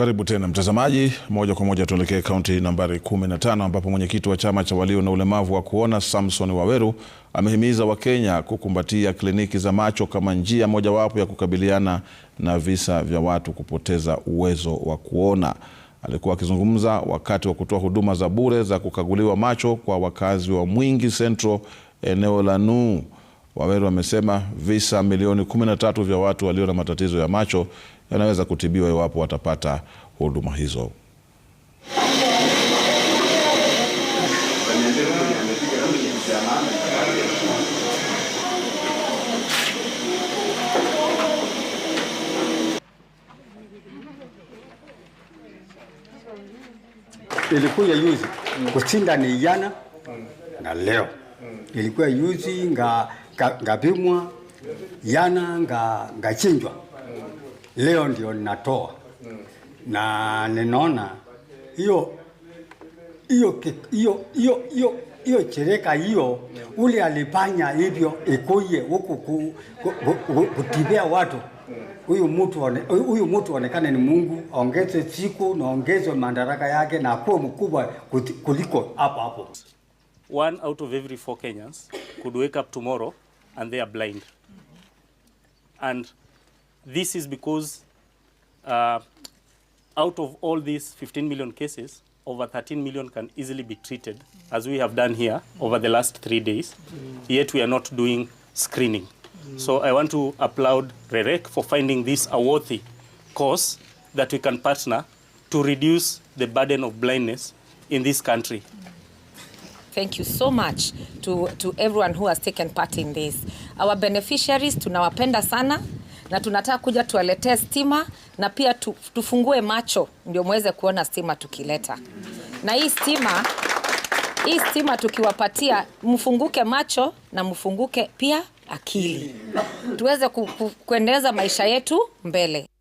Karibu tena mtazamaji, moja kwa moja tuelekee kaunti nambari 15 ambapo mwenyekiti wa chama cha walio na ulemavu wa kuona Samson Waweru amehimiza Wakenya kukumbatia kliniki za macho kama njia mojawapo ya kukabiliana na visa vya watu kupoteza uwezo wa kuona. Alikuwa akizungumza wakati wa kutoa huduma za bure za kukaguliwa macho kwa wakazi wa Mwingi Central eneo la Nuu. Waweru amesema visa milioni 13 vya watu walio na matatizo ya macho yanaweza kutibiwa iwapo watapata huduma hizo. Ilikuya yuzi kushinda ni jana na leo, ilikuwa yuzi ngapimwa nga jana ngachinjwa nga leo ndio ninatoa na ninaona hiyo hiyo hiyo hiyo hiyo hiyo chereka hiyo ule alipanya hivyo ikuye huku ku, kutibia watu huyu mtu huyu mtu aonekane ni Mungu, aongeze siku na aongezwe madaraka yake na akuwe mkubwa kuliko hapo hapo. One out of every four Kenyans could wake up tomorrow and they are blind and This is because uh, out of all these 15 million cases, over 13 million can easily be treated, as we have done here over the last three days, mm. yet we are not doing screening. Mm. So I want to applaud REREC for finding this a worthy cause that we can partner to reduce the burden of blindness in this country. Thank you so much to, to everyone who has taken part in this. Our beneficiaries tunawapenda sana. na tunataka kuja tuwaletee stima na pia tu, tufungue macho ndio mweze kuona stima tukileta. Na hii stima hii stima tukiwapatia, mfunguke macho na mfunguke pia akili, tuweze ku, ku, kuendeleza maisha yetu mbele.